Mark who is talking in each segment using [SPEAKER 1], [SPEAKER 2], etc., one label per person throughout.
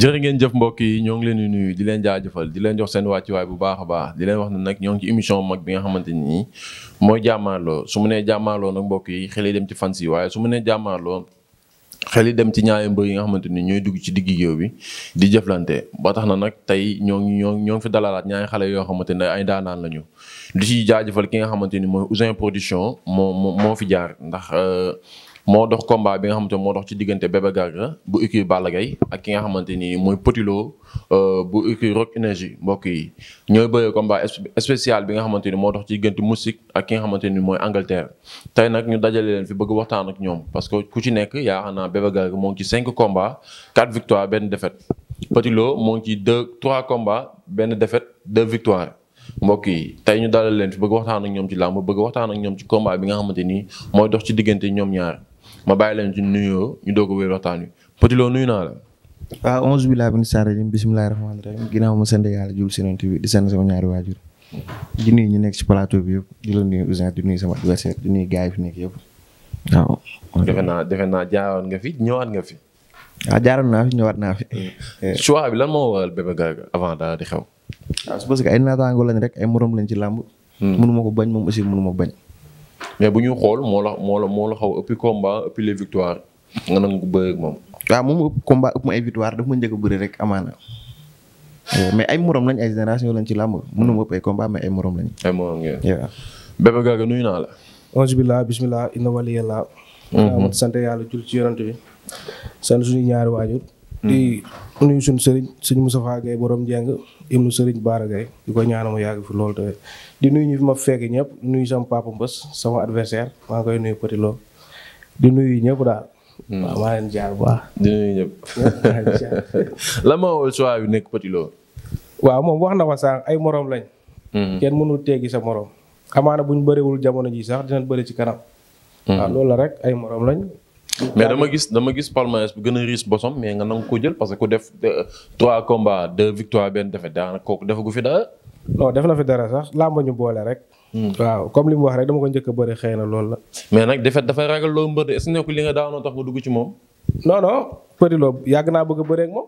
[SPEAKER 1] jërë ngeen jëf mbokk yi ñoo ngi leen di nuyu di leen jaajëfal di leen jox seen wàccuwaay bu baax a baax di leen wax ne nag ñoo ngi ci émission bi nga xamante ni mooy jàmmaarloo su mu nee jàmmaarloo mbokk yi xel dem ci fans yi waaye su mu nee jàmmaarloo xel dem ci ñaari mbër yi nga xamante ni ñooy dugg ci digg géew bi di jëflante ba tax na nag tey ñoo ngi ñoo ñoo ngi fi dalalaat ñaari xale yoo xamante ne ay daanaan lañu di ci jaajëfal ki nga xamante ni mooy Ouzin Production moo moo moo fi jaar ndax. Euh, moo dox combat bi nga xamante moo dox ci diggante Bébé Garga bu écurie Balla Gaye ak ki nga xamante ni mooy Petit Lo euh, bu écurie Rock Énergie mbokk yi ñooy bëree combat spécial bi nga xamante ni moo dox ci diggante Moustique ak ki nga xamante ni mooy Angleterre tey nag ñu dajale leen fi bëgg waxtaan ak ñoom parce que ku ci nekk yaakaar naa Bébé Garga moo ci cinq combats quatre victoires benn défaite moo ngi ci deux trois combats benn défaite deux victoires mbokk yi tey ñu dalal leen fi bëgg waxtaan ak ñoom ci làmb bëgg waxtaan ak ñoom ci combat bi nga xamante ni mooy dox ci diggante ñoom ñaar ma bàyyi leen ci nuyoo ñu doo a wéy waxtaan wi Petit Lo nuyu naa la.
[SPEAKER 2] waaw onze bi laa bin saa rajim bisimilah ginnaaw ma sant yàlla jul si bi di sant sama ñaari waajur ñu nekk ci plateau bi yëpp di la nuyu Ousin di nuyu sama adversaire yi fi nekk yëpp waaw.
[SPEAKER 1] naa defe naa jaaroon nga fi ñëwaat nga fi.
[SPEAKER 2] waaw ah, jaaroon naa ñëwaat naa fi.
[SPEAKER 1] choix lan moo waral Bébé Garga daal di xew.
[SPEAKER 2] waaw ah, parce que ay naataango lañ rek ay moroom lañ ci làmb. Hmm. mënu ma ko bañ moom aussi mënu bañ.
[SPEAKER 1] mais bu ñu xool moo la moo la moo la xaw ëppi combat ëppi les victoires
[SPEAKER 2] nga nangu bëre ak moom. waaw moom ëpp combat ëpp ma ay victoire daf ma njëkk a rek amaana. Eh, mais ay morom lañ ay génération lañ ci làmb mënu ma ëpp ay combat mais ay morom lañ. ay morom ngeen. waaw. Bébé Garga nuyu naa la. auzu billah bismillah inna wali yàlla. Mhm. sant yàlla jul ci
[SPEAKER 3] yonante bi. sant suñu ñaari waajur. di nuyu suñ sëriñ suñu Moustapha Gaye borom jàng ibnu sëriñ Baara Gaye di ko ñaanal mu yàgg fi loolu tamit di nuyu ñu fi ma fekk ñëpp nuyu sama papa Mbës sama adversaire maa ngi koy nuyu Petit Lo di nuyu ñëpp daal. Hmm. waaw maa leen jaar bu
[SPEAKER 1] di nuyu ñëpp. lan moo waral choix bi nekk Petit Lo.
[SPEAKER 3] waaw moom wax na ko sànq ay moroom lañ. Hmm. kenn mënul teggi sa morom. amaana buñ bëriwul jamono ji sax dinañ bëri ci kanam. Hmm. waaw loolu la rek ay moroom lañ.
[SPEAKER 1] mais dama gis dama gis palmarès bu gën a riche bosom mais nga nangu ko jël parce que ku def euh, trois combats deux victoires benn défaite daanaka kooku defagu fi da
[SPEAKER 3] non def na fi dara sax làmba ñu boole rek. Hmm. waaw comme li mu wax rek dama ko njëkk a bëri xëy na loolu la.
[SPEAKER 1] mais nag défaite dafay ragal loo mbër de est-ce li nga daanoo tax nga dugg
[SPEAKER 3] ci moom. non non Petit Lo yàgg naa bëgg a bëree ak moom.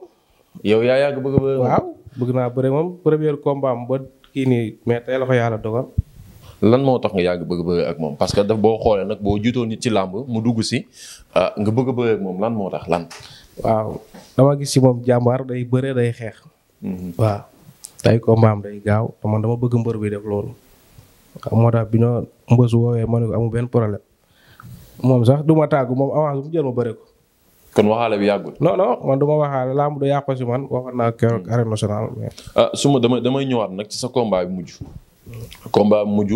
[SPEAKER 3] yow yaa yàgg bëgg a bëree waaw bëgg naa bëree moom premier combat am ba kii nii mais tey la ko yàlla lan
[SPEAKER 1] moo tax nga yàgg bëgg bëgg ak moom parce que daf boo xoolee nag boo jutoo nit ci làmb mu dugg si ah, nga bëgg a ak moom lan moo tax lan.
[SPEAKER 3] waaw dama gis si moom jàmbaar day bëre day xeex. Mhm. waaw tay ko mbaam day gaaw te man dama bëgg mbër bi def loolu. waaw bi ñoo mbësu woowee ma ne ko amul benn problème moom sax du ma moom avance bu mu jël ma bëre ko. kon
[SPEAKER 1] waxaale bi yàggul.
[SPEAKER 3] non non man du ma waxaale làmb du yàqu si man waxoon naa keroog mhm. arène nationale.
[SPEAKER 1] ah su ma damay damay ñëwaat nag ci sa combat bi mujj. combat mujj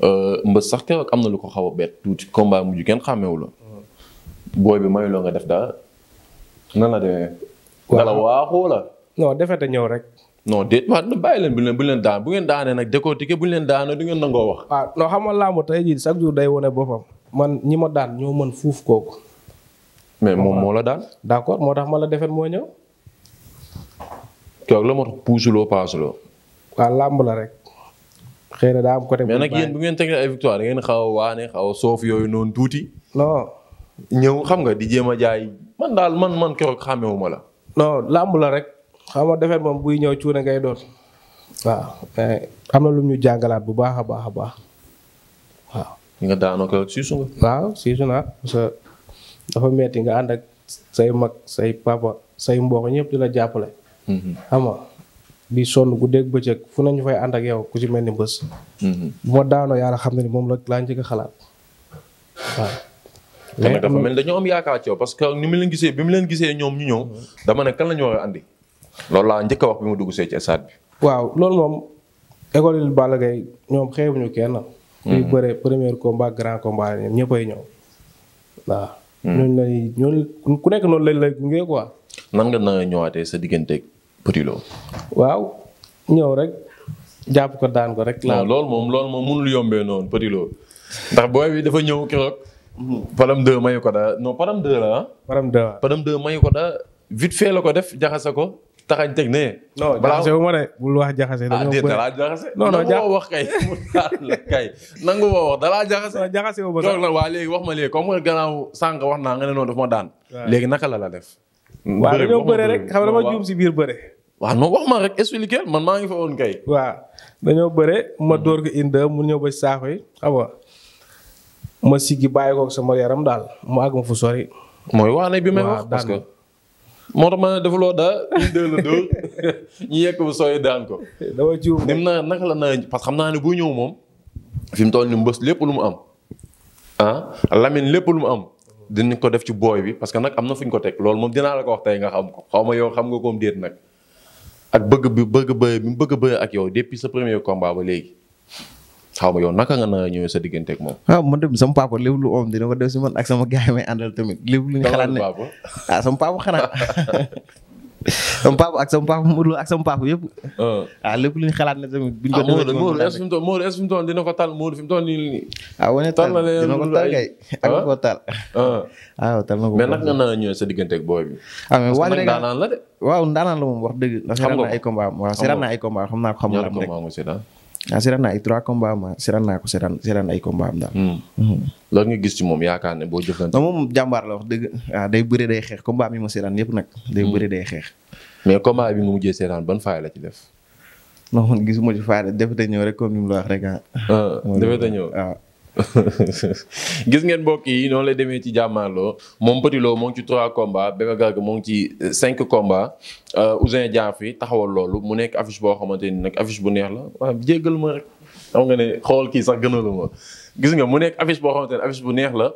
[SPEAKER 1] euh, mbës sax keroog am na lu ko xaw a bett tuuti combat mujj kenn xàmmewu la. booy bi mayuloo nga def daal nan la demee.
[SPEAKER 3] waaw dala waaxoo la. non defete ñëw rek.
[SPEAKER 1] noo de waaw bàyyi leen bu leen bu leen daan bu ngeen daanee nag décortiqué bu leen daanee du ngeen nangoo wax.
[SPEAKER 3] waaw non xam nga làmb jii chaque jour day wane boppam. man ñi ma daan ñoo mën fuuf kooku.
[SPEAKER 1] mais moom moo la daan.
[SPEAKER 3] d'accord moo tax ma la defet moo ñëw.
[SPEAKER 1] keroog la moo tax puusuloo paasuloo.
[SPEAKER 3] waaw làmb la rek. xëy na daa am côté. mais nag yéen
[SPEAKER 1] bu ngeen teg ay victoire da ngeen xaw a waane xaw soof yooyu noonu tuuti. non. ñëw xam nga di jéem a jaay man daal man man keroog xàmmewuma la. non làmb la rek. xam a defet moom buy ñëw cuune ngay doon.
[SPEAKER 3] waaw mais am na lu ñu jàngalaat bu baax a baax a baax
[SPEAKER 1] waaw. nga daanoo ko siisu nga.
[SPEAKER 3] waaw siisu naa parce dafa metti nga ànd ak say mag say papa say mbokk ñëpp di la jàppale. Mhm. xam di sonn guddeeg bëccëg fu nañu fay ànd ak yow ku ci mel ni mbës. Mhm. bu ma daanoo yàlla xam ne ni moom la laa njëkk a xalaat waaw. mel
[SPEAKER 1] dañoo am yaakaar ci parce que ni mu leen gisee bi mu leen gisee ñoom ñu ñëw mhm. dama ne kan la ñu war a andi.
[SPEAKER 3] loolu laa njëkk a wax bi ma dugg see ci stade bi. waaw loolu moom école yi Balla ñoom xeebuñu ñu kuy bëree premier combat grand combat ñoom ñëppay ñëw mhm. ku nekk loolu lañ lay gunge quoi.
[SPEAKER 1] nan nga na ñëwaatee sa digganteeg. Petit
[SPEAKER 3] waaw ñëw rek jàpp ko daan ko rek. la
[SPEAKER 1] loolu moom loolu moom mënul yombee noonu Petit ndax boo bi dafa ñëw keroog. param 2 mayu ko daa non param 2 la ah. param 2 ko daa vite la ko def jaxase ko. taxañ teg ne. non jaxase wu
[SPEAKER 3] ma de bul wax jaxase. ah déet dalaa jaxase. non non nangu
[SPEAKER 1] wax kay. la kay nangu woo wax dalaa jaxase. waaw jaxase wu ma sax toog waa léegi wax ma léegi comme gannaaw sànq wax naa nga ne noonu daf ma daan. léegi
[SPEAKER 3] naka la la def. waa dañoo bëre rek xam dama juum si biir bëre. waaw non wax ma rek expliquer man maa ngi fa woon kay. waaw dañoo bëre ma hmm. dóor ko indi mu ñëw ba si saako yi xam nga sama yaram daal mu àgg fu sori. mooy wax ne bi may wax parce
[SPEAKER 1] moo tax ma ne defuloo daa une deux la ñu yekk bu sooy daan ko. dama jiw nim naa naka la naa parce xam naa ne bu ñëw moom fi mu toll ni mbës lépp lu mu am ah Lamine lépp lu mu am dinañ ko def ci booy bi parce que nag am na fu ko teg loolu moom dinaa la ko wax tey nga xam ko xaw ma yow xam nga koom déet nag ak bëgg bi bëgg bëy bi mu bëgg bëy ak yow depuis sa premier combat ba léegi xaw ma yow naka nga na ñëwee sa diggante ak moom.
[SPEAKER 2] waaw ah, man de sama papa lépp lu om dina ko def si man ak sama gars àndal tamit lépp lu ñu xalaat ne ah sama papa xanaa sama papa ak sa papa Modou ak sama papa yëpp. Euh. ah lépp lu ñu xalaat ne tamit. buñ ko defee ah, Modou est-ce
[SPEAKER 1] que Modou est dina ko tal Modou fi mu toll
[SPEAKER 2] nii. Ah, wane tal dina ko tal kay ak ah. ko tal. ah tal na ko a
[SPEAKER 1] nag sa diggante ak booy bi.
[SPEAKER 2] ah mais ndaanaan la de. waaw ndaanaan la moom wax dëgg. xam nga ay combat waaw seetaan naa ay combat xam naa ko xamul am rek ah seetaan naa ay trois combats ma seetaan naa ko seetaan seetaan ay combat am hmm. Hmm. loolu nga gis ci moom yaakaar ne boo jëflante. non moom jàmbaar la wax dëgg ah, day bëre day xeex combat mi ma seetaan yëpp nag. day hmm. bëre day xeex. mais combat bi mu mujjee seetaan ban faay la ci def. non man gisuma ci faay def te ñëw rek comme ni mu la wax rek ah. ah def te ñëw ah.
[SPEAKER 1] gis ngeen mbokk yi noonu lay demee ci jàmmaarloo moom Petit moo ci 3 combats Bébé Garga ngi ci 5 euh, combats euh, Ouzin Diar fi taxawal loolu mu nekk affiche boo xamante ni nag affiche bu neex la waaw ma xam nga ne xool kii sax gënalu gis nga mu nekk affiche boo xamante ne affiche bu neex la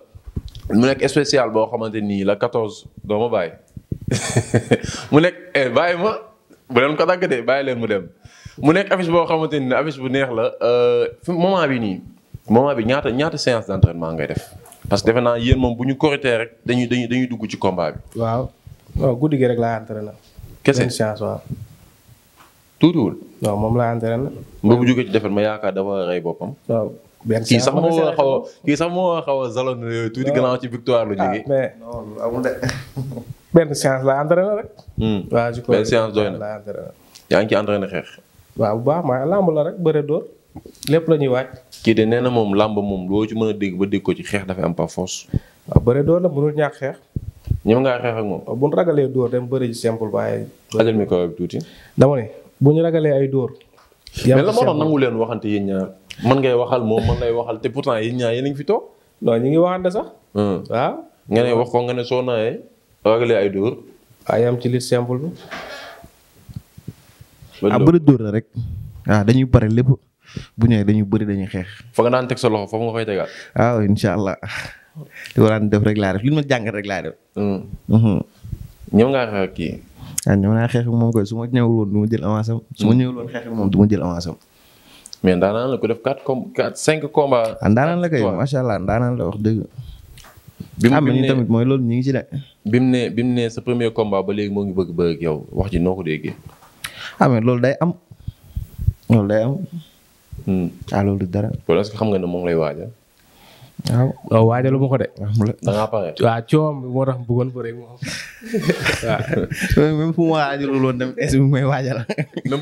[SPEAKER 1] mu nekk spécial boo xamante nii la 14 doo ma bàyyi mu nekk eh, bàyyi ma bu leen ko dagg de bàyyi leen mu dem mu nekk affiche boo xamante ni affiche bu neex la euh, fi bi nii. moment bi ñaata ñaata séance d'entraînement ngay def parce que defe naa yéen moom bu ñu correctee rek dañuy dañuy dañuy dugg ci combat
[SPEAKER 3] bi. waaw guddi gi rek laa entraîné. kese benn séance waaw. tuutiwul. waaw moom laa entraîné. mbër
[SPEAKER 1] mu jógee ci defet ma yaakaar dafa rey boppam.
[SPEAKER 3] waaw benn séance kii sax moo war a xaw
[SPEAKER 1] a kii sax moo war a xaw a zaloon tuuti gannaaw ci victoire lu jógee. Ah, mais non amul de.
[SPEAKER 3] benn séance laa entraîné rek.
[SPEAKER 1] Hmm. waaw je crois benn séance doy na. yaa ngi ci entraîné xeex.
[SPEAKER 3] waaw bu baax ma lamb rek bëre
[SPEAKER 1] lépp la ñuy waaj. kii de nee na moom làmb moom loo ci mën a dégg ba dégg ko ci xeex dafa am par force.
[SPEAKER 3] waaw ah, bëre door la mënul ñàkk xeex. ñoom ngaa xeex ak moom. Ah, bu ñu ragalee door dem bëri ji simple waaye. ajal mi ko tuuti. dama bu ñu ragalee ay door. mais la moo leen waxante yéen ñaar ngay waxal moom man waxal
[SPEAKER 1] te pourtant yéen ñaar yéen a ngi fi toog. ñu ngi waxante sax. waaw. Hmm. Ah. nga wax ko nga soo naayee. ragalee ay door.
[SPEAKER 3] ay ci li simple bi.
[SPEAKER 2] ah bëri door la rek. waaw dañuy pare lépp. bu ñëwee dañu bëri dañuy xeex. fa nga daan teg sa loxo foofu nga koy tegaat. waaw incha allah li ma daan def rek laa def li ma jàngat rek laa def. Mm. Mm-hmm. ngaa xeex kii. waaw ah, ñëw naa xeex ak moom koy su ma ñëwul woon du ma jël avance am. su ma du ma jël avance am.
[SPEAKER 1] mais la ko def quatre com quatre cinq combats.
[SPEAKER 2] Ah, ndaanaan la kay macha allah ndaanaan la wax dëgg. bi mu ah, ne tamit mooy loolu ñu ngi ci de.
[SPEAKER 1] bi mu ne bi ne sa premier combat ba léegi moo ngi bëgg bëgg ak yow wax ji noo ko déggee.
[SPEAKER 2] ah loolu day am loolu day am. Hmm. a ah, loolu du dara.
[SPEAKER 1] wala est xam nga ne moom lay
[SPEAKER 3] waajal.
[SPEAKER 2] Ah. waaw waajalu ma ko de. Ah, da ngaa pare. moo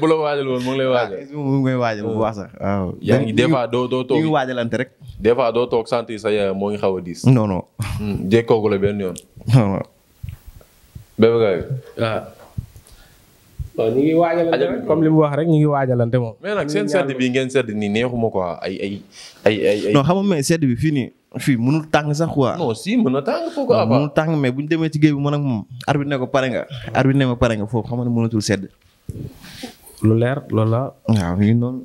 [SPEAKER 2] la waajal woon mu lay waajal. yaa ngi des doo doo toog rek.
[SPEAKER 1] des fois doo toog sant sa xaw a diis. Hmm, la benn yoon. non non. Bébé waaw ñu ngi waajalante
[SPEAKER 2] comme li mu wax rek ñu ngi waajalante moom. mais
[SPEAKER 1] nag seen sedd bi ngeen sedd nii neexuma quoi ay ay ay xam
[SPEAKER 2] nga mais sedd bi fii nii fii mënul tàng sax quoi. non mën na tàng foofu quoi. mënul bu ñu demee ci géej bi man ak moom. ko pare nga. arbitre ne ko pare nga xam nga ne mënatul sedd. lu leer loolu la. waaw ñu noonu.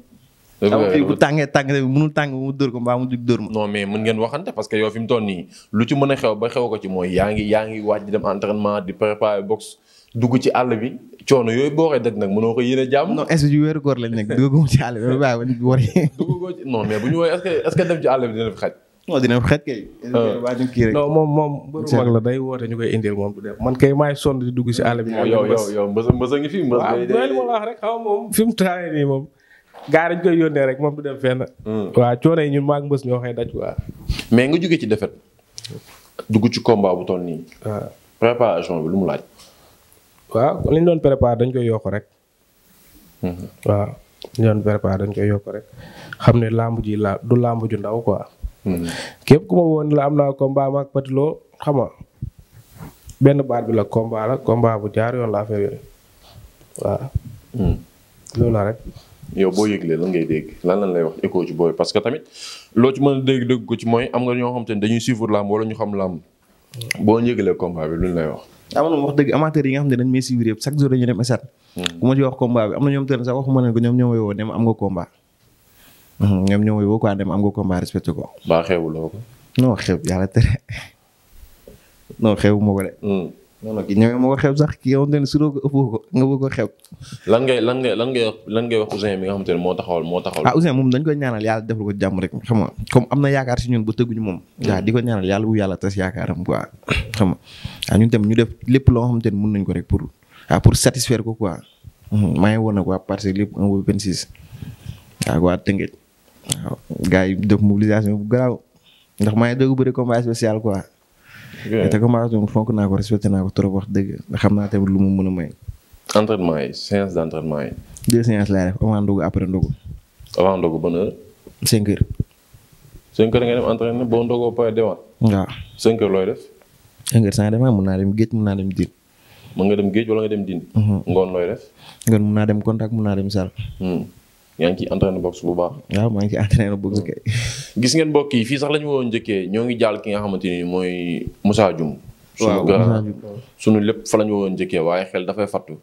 [SPEAKER 2] bu tàngee tàng tamit mënul tàng mu dóor ko mbaa
[SPEAKER 1] mu jug dóor ma non mais mën ngeen waxante parce que yow fi mu toll nii lu ci mën a xew ba xew ko ci mooy yaa ngi yaa ngi waaj di dem entraînement di préparer boxe dugg ci àll bi coono yooyu boo koy daj nag mënoo ko yéene jàmm.
[SPEAKER 2] non est-ce que ju wéeru koor lañ nekk duggagum ci àll bi waaw war
[SPEAKER 1] non mais bu ñu woowee est-ce que dem ci
[SPEAKER 3] euh, kii rek moom moom. bëru mag day woote ñu koy indil moom du def man kay maay sonn di dugg ci àll bi. Oh, yow yow
[SPEAKER 1] yow mbës a ngi fi mbës. waaw loolu
[SPEAKER 3] moo mu taawee nii moom. gaa dañ koy yónnee rek moom du dem fenn. Hmm. waaw coono yi ñun maag mbës ñoo xëy daj quoi.
[SPEAKER 1] mais nga jóge ci defet dugg ci combat bu toll nii. préparation bi lu mu laaj
[SPEAKER 3] waa li ñu doon préparé dañ koy yokk rek. Mm-hmm. waaw li ñu doon dañ koy yokk rek xam ne làmb ji la du làmb ju ndaw quoi. Mm-hmm. képp ku ma woon la am naa kombaa maag Petit Lo xam nga benn baat bi la combat la combat bu jaar yoon la affaire yooyu waaw. Mm. loolu la rek.
[SPEAKER 1] yow boo yëglee lan ngay dégg lan lañ lay wax écho ci booy parce que tamit loo ci mën a dégg dégg ko ci mooy am nga ñoo xam te ne dañuy suivre làmb wala ñu xam làmb. boo njëgalee combat bi lu
[SPEAKER 2] ñu lay wax. amoon ah, na wax dëgg amateur yi nga xam ne dañ may suivre yëpp chaque jour dañu dem esat hmm. bu ma ci wax combat bi am na ñoom tën sax waxuma ne ko ñoom ñoo woowoo dem am nga combat. Hmm, ñoom ñoo woowoo quoi dem am nga combat respecté ko.
[SPEAKER 1] baa xeebuloo ko.
[SPEAKER 2] non xeeb yàlla tere non xeebu ma ko de. Hmm. non non ki ñëwee moo ko xew sax ki nga xamante ne su ko ëppoo ko nga bëgg ko xew.
[SPEAKER 1] lan ngay lan ngay lan ngay lan ngay wax Ouzin mi nga xamante ne moo taxawal moo taxawal. ah Ouzin
[SPEAKER 2] moom dañ koy ñaanal yàlla defal ko jàmm rek xam nga comme am na yaakaar si ñun ba tëgguñu moom. waaw mm. di ko ñaanal yàlla bu yàlla tas yaakaaram quoi xam nga waaw ah, ñun tamit ñu def lépp loo xamante ne mën nañ ko rek pour waaw ah, pour satisfaire ko quoi. Mm-hmm. maa ngi woon nag waa parce que lépp 1 ba 26 waaw waa Tëngéej waaw ah, gars yi def mobilisation bu garaaw ndax maa ngi doog a bëri combat spécial quoi te combat moom fonk wax dëgg ndax xam naa tamit lu mu a may.
[SPEAKER 1] entraînement ay séance d' entraînement yi.
[SPEAKER 2] deux séances laay def avant ndogu après ndogu.
[SPEAKER 1] avant ndogu nga dem entraîné boo ndogoo pare demaat. waaw cinq looy def.
[SPEAKER 2] cinq heures saa demaat mun naa dem géej mun naa dem diin.
[SPEAKER 1] mën nga dem géej wala nga dem diin. Mhm. ngoon looy def.
[SPEAKER 2] ngoon mun naa dem contact mun naa
[SPEAKER 1] dem salle. Hmm. yaa ngi ciy entraîné bu baax.
[SPEAKER 2] waaw maa ngi ciy entraîné boxe kay. Hmm. gis
[SPEAKER 1] ngeen mbokk yi fii sax lañu ñu woon njëkkee ñoo ngi jàll ki nga xamante ni mooy Moussa Dioum suñu gara suñu lépp fa la ñu woon njëkkee waaye xel dafay fattu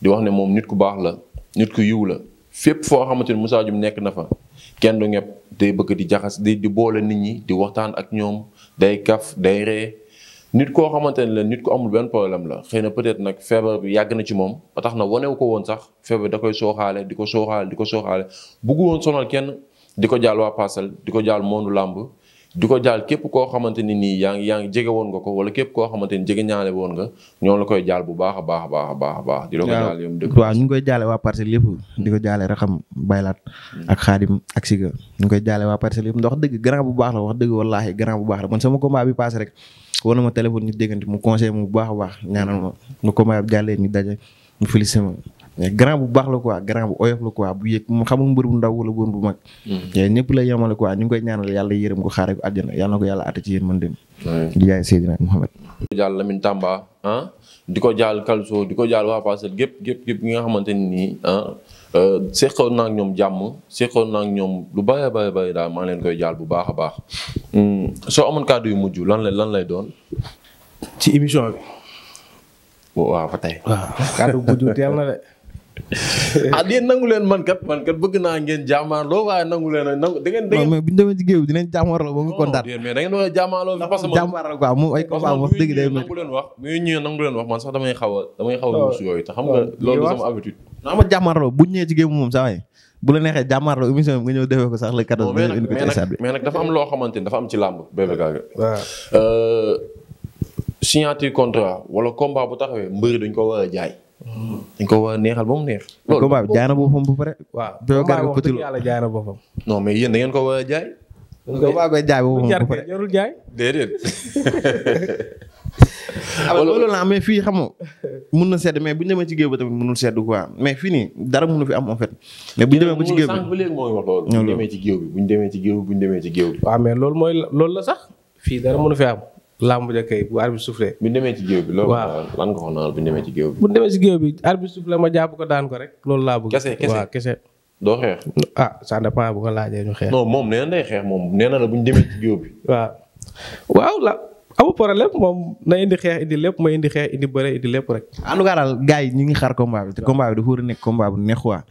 [SPEAKER 1] di wax ne moom nit ku baax la nit ku yiw la fépp foo xamante ni Moussa Dioum nekk na fa kenn du ñëpp day bëgg di jaxas di di boole nit ñi di waxtaan ak ñoom day kaf day ree nit koo xamante ne la nit ku amul benn problème la xëy na peut-être nag feebar bi yàgg na ci moom ba tax na wanewu ko woon sax feebar da koy sooxaale di ko sooxaale di ko sooxaale di ko jaal waa Parcelles di ko jaal moonu làmb di ko jaal képp koo xamante ni nii yaa ngi yaa ngi jege woon nga ko wala képp koo xamante ni jege ñaale woon nga ñoom la koy jaal bu baax a baax a baax a a baax di la ko jaal yow
[SPEAKER 2] koy jaale waa Parcelles yëpp ko jaale raxam baylaat hmm. ak xaadim ak siga ñu ngi jaale waa Parcelles yëpp ndax wax dëgg grand bu baax la wax dëgg wallaahi grand bu baax la man sama combat bi passé rek war na ma téléphone ñu déggante mu conseillé mu baax a baax ñaanal ma mu combat bi jàllee ñu daje mu félicité ma grand bu baax la quoi grand bu oyof la quoi bu yëg mu xamul mbër bu ndaw wala mbër bu mag. Hmm. ñëpp la yemale quoi ñu ngi koy ñaanal yàlla yërëm ko xaare ko àjjana yàlla di ko jaal Lamine Tamba
[SPEAKER 1] ah, di ko jaal Kalso di ko jaal waa Parcelles gépp gépp nga xamante ne nii ah euh, seqoon naa ñoom jàmm seqoon naa ak ñoom lu bëree bëri bëri daal maa leen koy jaal bu baax a baax. Hmm, soo amoon kàddu yu mujj lan lay lan lay doon. ci émission bi.
[SPEAKER 2] waaw ba tey. waaw kàddu teel na
[SPEAKER 3] de.
[SPEAKER 1] ah yéen nangu leen man kat man kat bëgg naa ngeen jàmmaarloo waaye nangu leen nangu da ngeen. da ngeen
[SPEAKER 2] mais bu ñu demee ci géew dinañ jàmmaarloo ba nga oh, kontaan. mais
[SPEAKER 1] a jàmmaarloo parce
[SPEAKER 2] que ay combat
[SPEAKER 1] wax man sax damay xaw a damay xaw a musu yooyu te xam nga loolu sama habitude.
[SPEAKER 2] naa ma jàmmaarloo bu ñu ñëwee ci géew moom saa waay bu la neexee jàmmaarloo émission bi nga ñëw defee ko sax le 14
[SPEAKER 1] loo xamante ni am ci làmb Bébé Garga euh, signature contrat wala combat bu tax wee mbëri dañ ko war a jaay dañ ko war a neexal ba mu neex. loolu combat bi jaay na boppam ba pare. waaw combat wax dëgg yàlla jaay na boppam. non mais yéen da ngeen ko war a jaay. combat
[SPEAKER 2] bi jaay boppam ba pare
[SPEAKER 1] jarul jaay. déedéet.
[SPEAKER 2] loolu la mais fii xam nga mun na sedd mais bu ñu demee ci géew ba tamit mënul sedd quoi mais fii nii dara mënu fi fait. mais bu ñu demee ci géew bi sànq ba
[SPEAKER 3] léegi mooy wax loolu. bu ñu demee ci géew bi bu ñu demee ci géew bi bu ñu demee ci géew bi. waaw mais loolu mooy loolu la sax fii dara mënu fi am. làmb ja kay bu arbitre soufflé. bu demee ci géew bi loolu. waaw lan nga ko naal bu demee ci géew bi. bu demee ci géew bi arbitre soufflé ma jàpp ko daan ko rek loolu laa bëgg. kese kese kese. doo xeex. ah ça dépend bu ko laajee ñu xeex. non moom nee na day xeex moom nee na la bu ñu demee ci géew bi. waaw waaw amul problème moom na indi xeex indi lépp ma indi xeex indi bëre indi lépp rek.
[SPEAKER 2] en tout cas daal gars yi ñu ngi xaar combat bi te combat bi nekk combat bu ñu waaw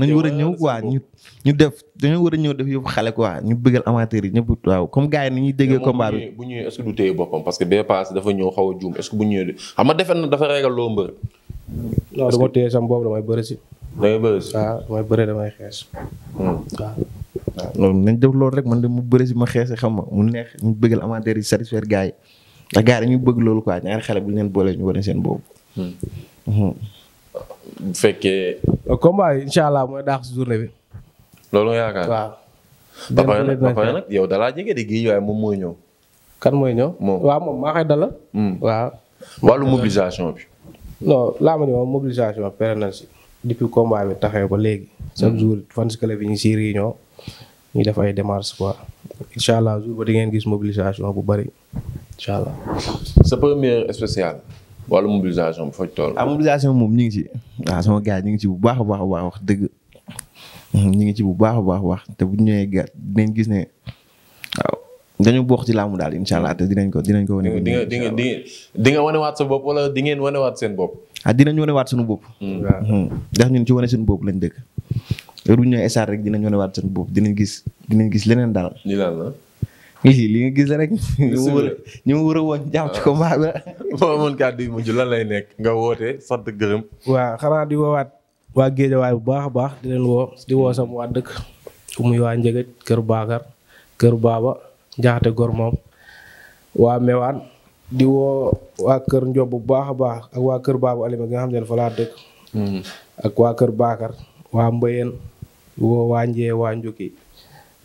[SPEAKER 2] nañu war a ñëw quoi ñu ñu def dañoo war a ñëw def yëpp xale quoi ñu bëggal amateur yi ñëpp waaw comme gars yi ni ñu déggee combat bi.
[SPEAKER 1] bu ñëwee est-ce que du téye boppam parce que bee paase dafa ñëw xaw a juum est-ce que bu ñëwee xam nga defe na dafa régal loo mbër.
[SPEAKER 3] non dama téye sam boobu damay bëri si. da ngay
[SPEAKER 2] bëri si waaw damay bëri damay xees. Hmm. waaw loolu nañ rek man de mu bëri si ma xees xam nga mu neex ñu bëggal amateur yi satisfaire gars yi ndax gars yi dañuy bëgg loolu quoi ñaari xale bu ñu leen boolee ñu wane seen boobu. Hmm. Hmm.
[SPEAKER 1] bu fekkee.
[SPEAKER 3] combat yi incha allah mooy daax si journée bi.
[SPEAKER 1] loolu nga yaakaar waaw.
[SPEAKER 3] papa nag papa nag
[SPEAKER 1] yow dalaa jege de gii waaye moom mooy ñëw.
[SPEAKER 3] kan mooy ñëw. moom waaw moom maa koy dalal. waaw.
[SPEAKER 1] wàllu mobilisation bi.
[SPEAKER 3] non laa ma ne moom mobilisation pare nañ si. depuis combat bi ba léegi. chaque hmm. jour fan club bi ñu si réunion ñu def ay démarches quoi
[SPEAKER 2] incha allah jour ba di ngeen gis mobilisation bu bëri incha allah. sa première
[SPEAKER 1] spéciale. wàllu mobilisation bu faj tool. ah
[SPEAKER 2] mobilisation moom ñu ngi ci waaw ah, gars ñu ngi ci bu baax a baax a baax wax dëgg ñu ngi ci bu baax a baax wax te bu ñëwee gars dinañ gis ne waaw dañu bokk ci laamu daal incha allah te dina ko dina ko. wane di nga di nga
[SPEAKER 1] di nga wanewaat sa bopp wala di ngeen wanewaat seen bopp.
[SPEAKER 2] ah dinañ wanewaat suñu bopp. Hmm. Hmm. ndax ñun ci wane suñu bopp lañ dëkk. heure bu ñu ñëwee SR rek dinañ wanewaat suñu bopp dinañ gis dinañ gis leneen daal. lii daal la. li nga gis la rek. ñu wër a woon jàpp ci combat bi la. boo
[SPEAKER 3] amoon kàddu
[SPEAKER 1] mujj lan lay nekk. nga woote sant gërëm.
[SPEAKER 3] waaw xanaa di woowaat waa Géejawaay bu baax a baax di leen woo di woo sama waa dëkk. ku muy waa Njëgëj Kër Bakar Kër Baba Njaxate Gor moom waa Mewaan. di woo waa kër Ndiob bu baax a baax ak waa kër Babou Alima gi nga xam ne fa dëkk. Hmm. ak waa kër baakar waa Mbayeen woo waa Njee waa Njuki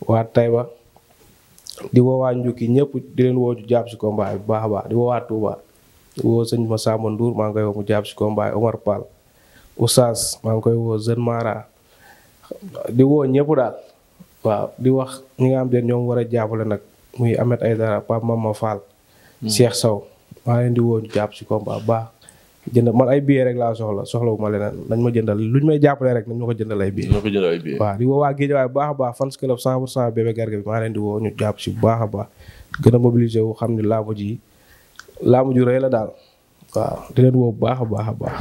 [SPEAKER 3] waa Tayba di woo waa Njuki ñëpp di leen woo ñu jàpp si combat bi bu baax a baax di woo waa Touba. di maa ngi koy woo mu jàpp maa ngi koy woo Jeune di woo ñëpp daal. waaw di wax ñi nga xam ne ñoom war a jàppale nag muy Ahmed Aïdara Pape Mama Fall. Hmm. Cheikh saw maa leen di woo ñu jàpp si combat bu baax jënd man ay billets rek laa soxla soxlawu ma leneen nañ ma jëndal ñu may jàppale rek nañ ma ko jëndal ay billets. nañ ma ko jëndal ay billets. waaw di woo waa Guédiawaye bu baax a baax fans club 100 pour 100 Bébé Garga bi maa leen di woo ñu jàpp si bu baax a baax gën a mobiliser wu xam ne laamu ji laamu ju rëy la daal waaw bu baax a baax a baax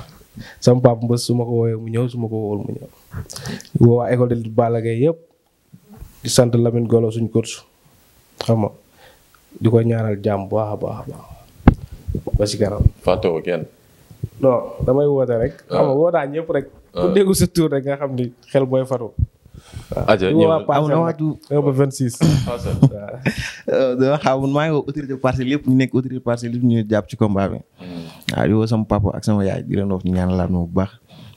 [SPEAKER 3] sama papa mbës su ma ko woowee mu ñëw su ma ko woowul mu ñëw woo waa école de Balla Gaye yëpp di sant Lamine Golo suñ coach xam di ko ñaanal jàmm bu baax a baax a baax ba si kanam. fàttewoo kenn. damay woote rek. Ah. xam nga wootaa ñëpp rek. Ah. ku déggu sa nga xam ni xel booy fatu.
[SPEAKER 2] aja ñëw na aw na
[SPEAKER 3] waatu aw ba 26.
[SPEAKER 2] xaw ma maa ngi woo autorité parcelle yëpp ñu nekk autorité parcelle yëpp ñu jàpp ci combat bi. waaw hmm. ah, di woo sama papa ak sama yaay di leen wax ñu bu baax.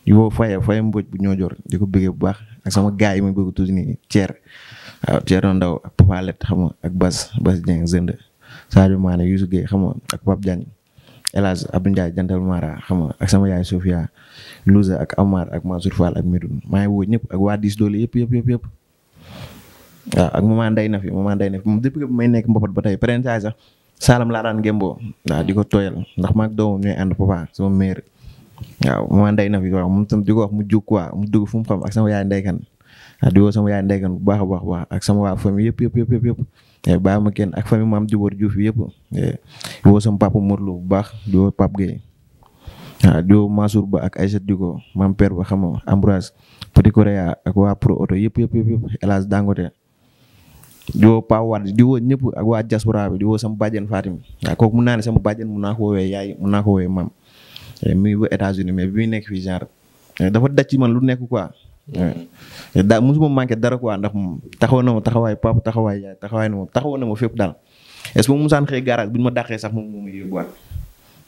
[SPEAKER 2] di woo Faye Faye bu ñoo jor di ko bëggee bu baax ak sama gaay yi ma bëgg nii Thier. waaw ah, Thierno Ndaw ak Papa Let xam nga ak Bas Bas Dieng Zende Sadio Mané ak Pape Diagne El Hadj Abdou Ndiaye Jantal Mara xam nga ak Sofia Louza ak Amar ak Mansour Fall ak Medoune maa ngi woo ak waa doole yëpp yëpp yëpp yëpp. waaw ah, ak maman Ndeye Nafi maman Ndeye Nafi moom depuis que nekk mbopat ba tey pare saa ko ndax maag doomam ñooy ànd papa sama mère waaw maman Ndeye Nafi waaw moom tam mu jóg quoi mu dugg fu mu xam ak sama yaay Ndeye Kane Ah, di woo yaay ndeykan bu baax baax baax ak sama waa famille yëpp yëpp yëpp yëpp eh, ma kenn ak famille maam Diouf Diouf yëpp eh, di woo papa Modou bu baax di woo Pape Gueye ah, waaw ak waa Pro Auto yëpp yëpp yëpp El Hadj Dangote di woo Paa ñëpp ak waa diaspora bi di woo sama bàjjen Fatim waaw ah, kooku mun naa ne sama yaay mun naa ko woowee maam eh, muy ba États-Unis mais bi muy nekk fii genre dafa daj man lu nekk quoi daa mosuma manqué dara waa ndax moom taxaw na ma taxawaay papa taxawaay yaay taxawaay na ma taxaw na ma fépp daal est ce que saan xëy garage bi ñu ma dàqee sax moom moo ma yóbbuwaat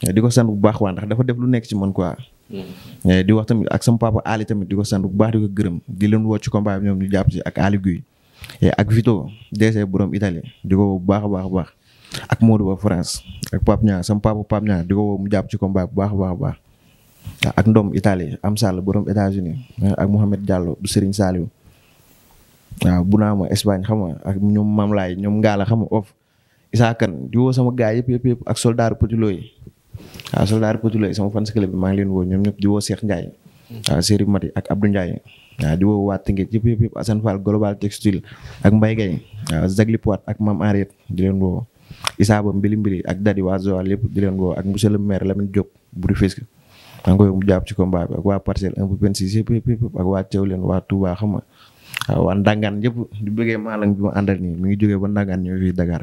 [SPEAKER 2] di ko sant bu waa ndax dafa def lu nekk ci man quoi. Mm-hmm. di wax tamit ak sam papa Ali tamit di ko sant bu baax di ko gërëm di leen woo ci ko bi ñoom ñu jàpp si ak Ali Guèye ak Vito DC borom Italie di ko woo bu baax a baax a baax ak Modou ba France ak Pape Niang sama papa Pape Niang di ko woo mu jàpp ci combat bu baax baax a baax. Ah, ak Ndom Italie am Sall borom États-Unis ah, ak Mouhamed Diallo bu Serigne Saliou waaw bu naa ma ak ñoom Mam Laay ñoom Ngalla xam nga of Issa Kane di sama gaay yëpp yëpp yëpp ak soldaar Petit Lo ah, sama fans club bi maa ngi leen woo ñoom ñëpp di woo Cheikh Ndiaye waaw Serigne Mati ak Abdou Ndiaye di woo waa Tëngéej yëpp yëpp yëpp Assane Global Textile ak Mbaye Gaye waaw Zagli Poit ak Mam Henriette di leen woo Issa Ba mbili mbili ak Dadi waa yëpp di leen ak monsieur le maire maa ngi koy jàpp ci combat bi ak waa parcelle un ba vingt six yëpp yëpp yëpp ak waa Thiawlène waa Touba xam nga waaw waa Ndangan yëpp bëggee maalang bi ma àndal nii mi ngi jógee ba Ndangan ñëw fii dagar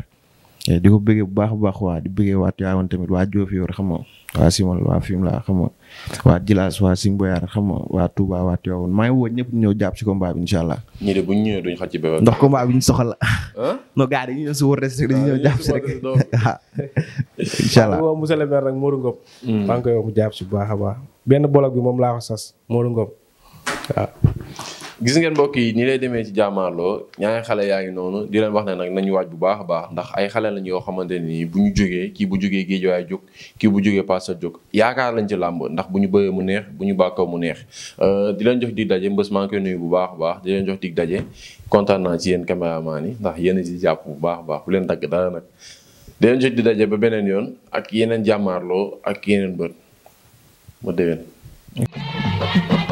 [SPEAKER 2] di ko bëggee bu baax bu baax waa di bëggee waa Tivaouane tamit waa Diofior xam nga waa Simal waa Fimela xam nga waa Djilass waa Simboyar xam nga waa Touba waa Tivaouane maa ngi woo ñëpp ñëw jàpp si ko bi incha allah. ñii de bu ñu ñëwee duñ xaj ci bébé. ndax combat bi ñu la. non gars dañuy ñëw si wër des rek dañuy ñëw ah, rek. incha allah waaw monsieur le
[SPEAKER 3] hmm. si bu baax a baax benn bolok bi moom laa ko sas Modou Ngom waaw.
[SPEAKER 1] gis ngeen mbokk yi nii lay demee ci jàmmaarloo ñaari xale yaa ngi noonu di leen wax ne nag nañu waaj bu baax baax ndax ay xale lañ yoo xamante nii bu ñu jógee kii bu jógee géejuwaay jóg kii bu jógee paasa jóg yaakaar lañ ci làmb ndax bu ñu bëree mu neex bu ñu bàkkoo mu neex euh, di leen jox di daje mbës maa ngi nuyu bu baax a baax di leen jox dig daje kontaan ci yéen caméraman yi ndax yéen a jàpp bu baax a baax bu leen dagg dara nag di leen jox dig daje ba beneen yoon ak yeneen jàmmaarloo ak yeneen bët ma